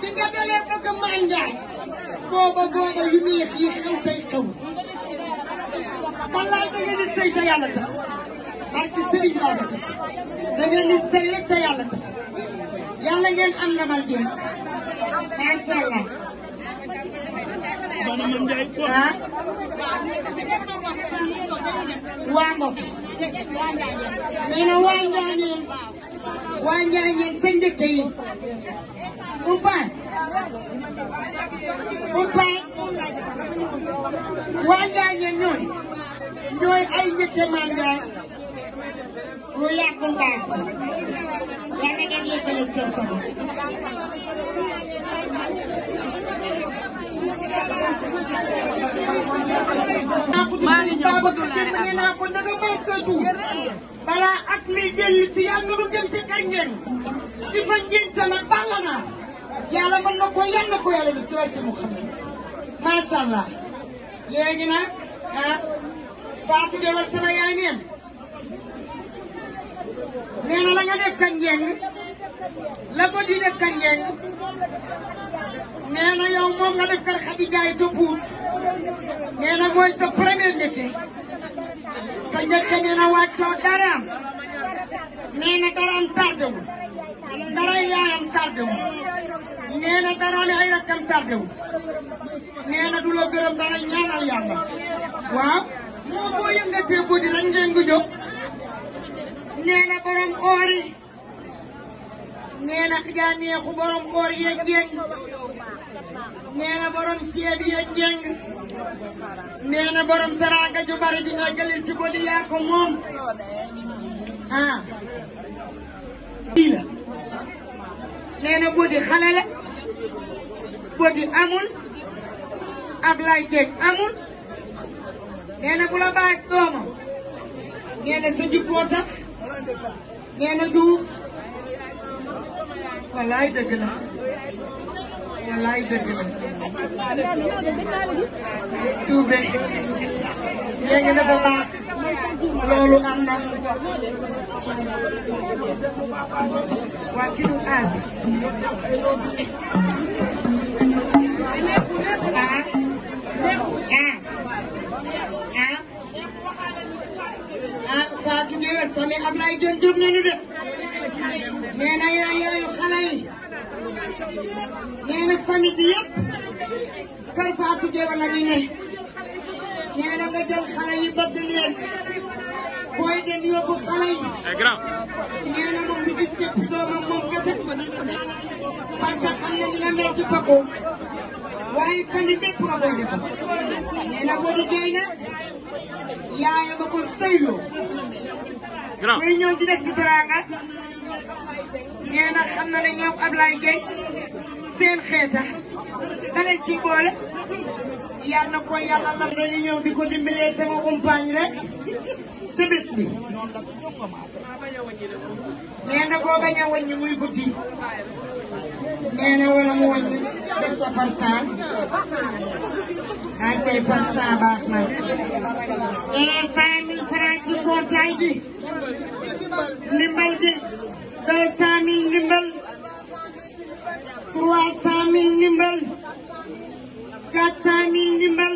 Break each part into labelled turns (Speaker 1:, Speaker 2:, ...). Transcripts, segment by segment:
Speaker 1: di nga dalee bëgg mandaay booba booba yu neex yi xew tey xew wallaay da ngeen di sëy te yàlla tax barke Serigne Babacar da ngeen di sëy rek am na ma jeex waa Mbokk nee na waa Njaañeen waa Njaañeen Oubaac Oubaac waa Njaañe ñooy ñooy ay ñetti mandat lu yàqu mbaax yàlla na yeggale seen sama. maa ngi ñëw bëgg naa ko na nga may sa tuur balaa ak mi dellu si yàlla lu dem ca kañ ngeen di fa ngeen sa nag bàll naa yàlla mën na ko yan na ko yàlla def ci barke Muhammad macha allah léegi nag ah Fatou Gueye sama yaay neen nee la nga def ka la ko def ka njëng nee moom nga def kar Khady Ndiaye ca Pout mooy sa premier njëkke sa njëkke nee na wàccoo daraam nee na daray yaayam tardé wu nee na daraami ay rakkam tardé wu nee na du la gërëm dara ñaanal yàlla waaw moo boo yëngatee guddi rek ngeen ko jóg nee na borom oor yi nee na xijaaneexu borom oor yeeg jéng nee na borom ceeb yeeg jéng nee na borom teraanga ju bari di nga gëlil ci bodi yaa ko moom ah. nee na bodi xale la bodi amul Ablaye Dieng amul nee na bu la baaj doomam nee na sa jubboo tax nee wallaay dëgg la tuube léegi dafa baax loolu am na waa ki du aas
Speaker 2: ah ah ah, ah
Speaker 1: Fatou Ndiaye tamit Ablaye Diop jóg nañu de nee na yooyu xale yi nee na famille bi yëpp kër Fatou Gueye nga jël xale yi bëgg leen booy dem yóbbu xale yi. Eh, nee na moom ñu gis képp doomam moom kese parce que xam na dina waaye famille bépp la koy def nee na Modou ko sëyloo. muy ñëw di def si nee a xam na ne ñoom Ablaye Gueye seen xeeta da leen boole yal ko yàlla la dañu ñëw di ko dimbalee sama compagne rek ci bi nee na boo bañ a wàññi muy guddi nee na wala mu wàññi def ko par saa
Speaker 2: ay baax na
Speaker 1: ee eh, cinq mille francs ci mbootaay gi cinq cent mille trois cent mille ndimbal quatre cent mille ndimbal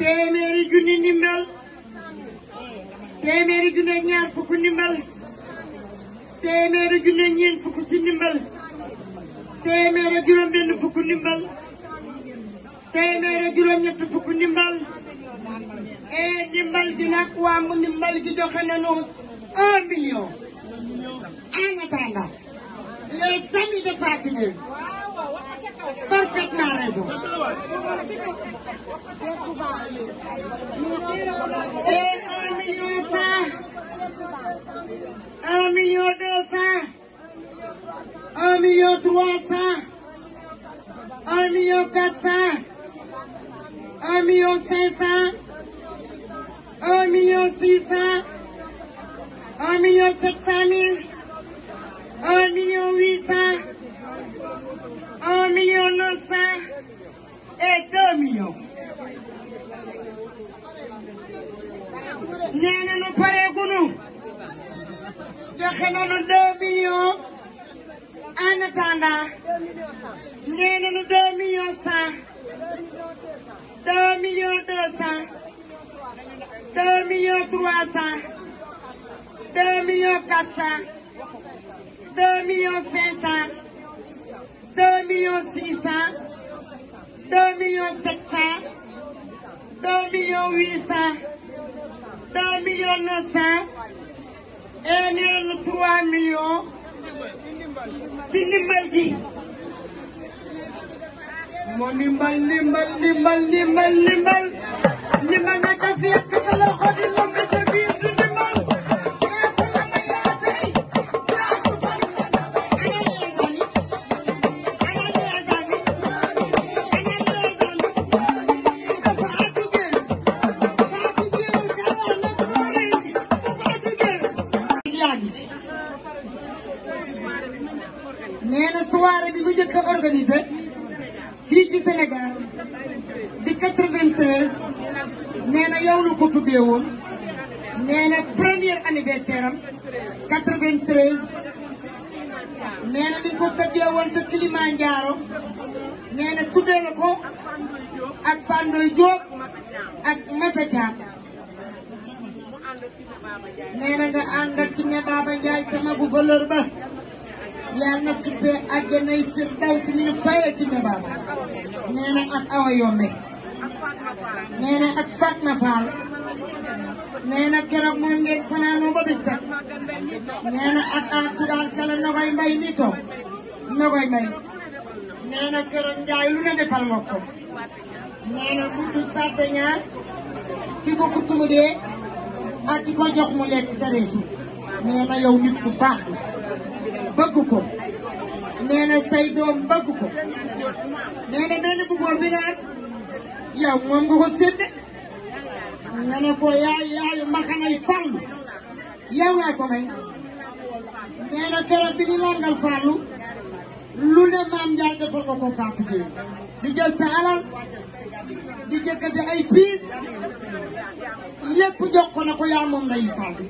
Speaker 1: téeméeri junni ndimbal téeméeri junni ñaar fukk ndimbal téeméeri junni ak fukk ci ndimbal téeméer ak juróom benn fukk ndimbal téeméer ak juróom ñett fukk ndimbal e ndimbal gi nag mu ndimbal gi un million en attendant les amis de Fatimé
Speaker 2: parfaitement raison
Speaker 1: et un million cent un nee na nu pareegunu joxe nañu deux millions en attendant nee nañu deux millions cent deux millions deux cent deux millions trois cent deux millions quatre cent deux millions cinq cent deux millions six cent deux millions sept cent deux millions huit cent deux millions neuf cent trois millions ci ndimbal gi moo ndimbal ndimbal ndimbal ndimbal ndimbal ndimbal na ca juddee woon nee na premier anniversaire am 93 nee na mi ko tëjee woon ca Kilimanjaro nee na ko ak Fandoy Diop ak Mata Thiam nee na nga ànd sama gu valeur ba yaa na tuddee àjjanay Firdawsi mi ñu fayee Kiné Baba nee na ak Awa Yombe nee na ak nee na keroog moom ngeen fanaanoo ba bis set ak a tudaal kala Nogoy Mbay mi toog Nogoy Mbay keroog Njaay lu ne defal nga ko nee na mu tudd fàtte ñaar ki ko kutt mu dee ak ki ko jox mu lekk tareesu nee yow nit ku baax bëgg ko nee say doom bëgg ko nee na bu góor bi nga yow moom nga ko sédde nga ne ko yaay yaayu mbaxanay Fallu yow laa ko may nee na keroog bi ñu langal Fallu lu ne maam Njaay defal ko ko Fatou Gueye di jël sa alal di jëkkati ay piis lépp jox ko na ko yaa moom nday Fallu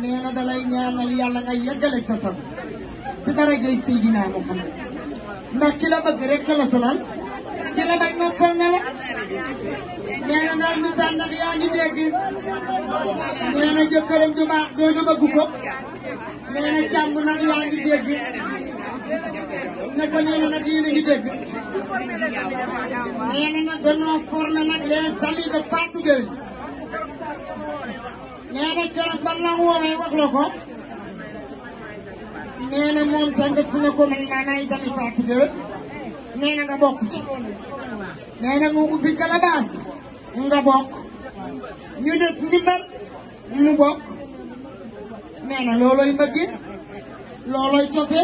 Speaker 1: nee na dalay ñaanal yàlla nga yeggale sa sab te dara jëy Seydina Muhammad ndax ki la bëgg rek la solal jële may noppal na la nee na naan na sànnax yaa ngi dégg nee na jëkkëram ju baax ko nee na càmm nag yaa ngi dégg naka nee na nag yéen a ngi dégg na nag dañoo former nag les amis de Fatou Gueye nee na keroog ban la woowee wax la moom tànn fu ne ko man maanaam itam Fatou nee nga bokk ci nee na mu ubbi kalabaas nga bokk ñu def ndimbal mu bokk nee na loolooy bëgge loolooy cofe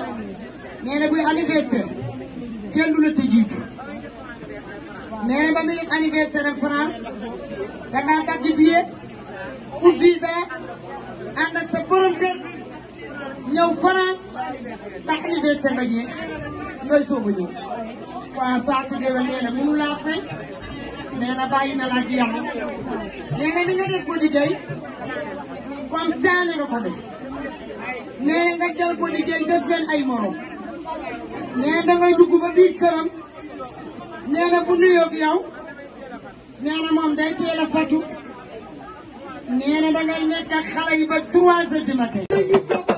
Speaker 1: nee na buy anniversaire kenn du la ci jiitu nee na ba muy anniversaire France da ngaa dagg billet visa ànd ak sa borom ñëw France ba anniversaire ba jeex ngay waaw Fatou de nee na mënu laa fay nee bàyyi na laa ci yàlla nee na ni nga def Body Gueye comme caane nga ko def ay morom nee da dugg ba biir këram nee bu nuyoog yow nee na moom day teel a fatu nee na da ngay yi ba 3 heures du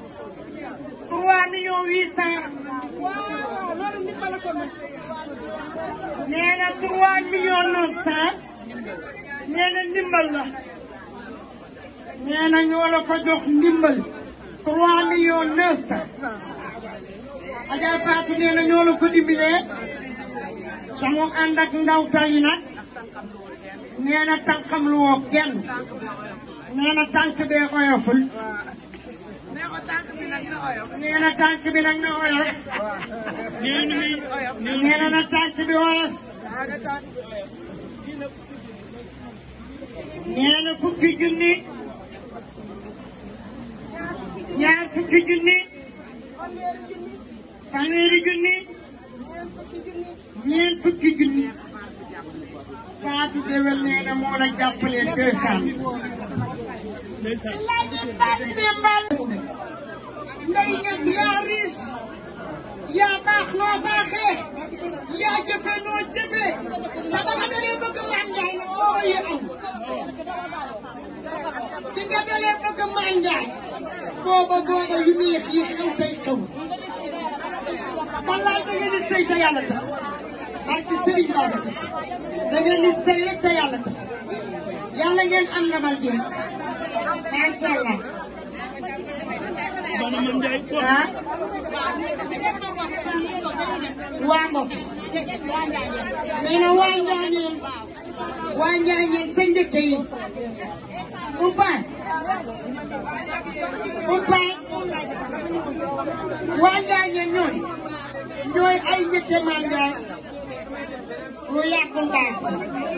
Speaker 2: nee na trois millions neuf cent
Speaker 1: nee na ndimbal la nee na ñoo la ko jox ndimbal trois millions neuf cent Adja Fatou nee na ñoo la ko dimbalee te mu ànd ak ndaw tali nag nee na tànkam lu woo kenn nee na tànk bee oyoful nee na tànk bi nag na oyof. nee na nee na tànk bi oyof. nee na fukki junni. ñaar fukki junni. fanweeri junni. ñeent fukki junni. baatu déwén nee na moo la jàppale deux cent. Ndeye Niass yaa riche yaa baax loo baaxee yaa jëfe noo jëfe te ba nga dalee bëgg Mame Ndiaye nag booba yi am bi nga dalee bëgg Mame Ndiaye booba booba yu neex yi xew tey xew wallaay da ngeen di sëy te yàlla tax barke Serigne Babacar da ngeen di sëy rek te yàlla tax yàlla ngeen am na mal jeex macha allah ah waa Mbok nee na waa Njaañeen waa Njaañeen seen waa Njaañeen ñooy ñooy ay njëkk manjaay lu yàgg mbaax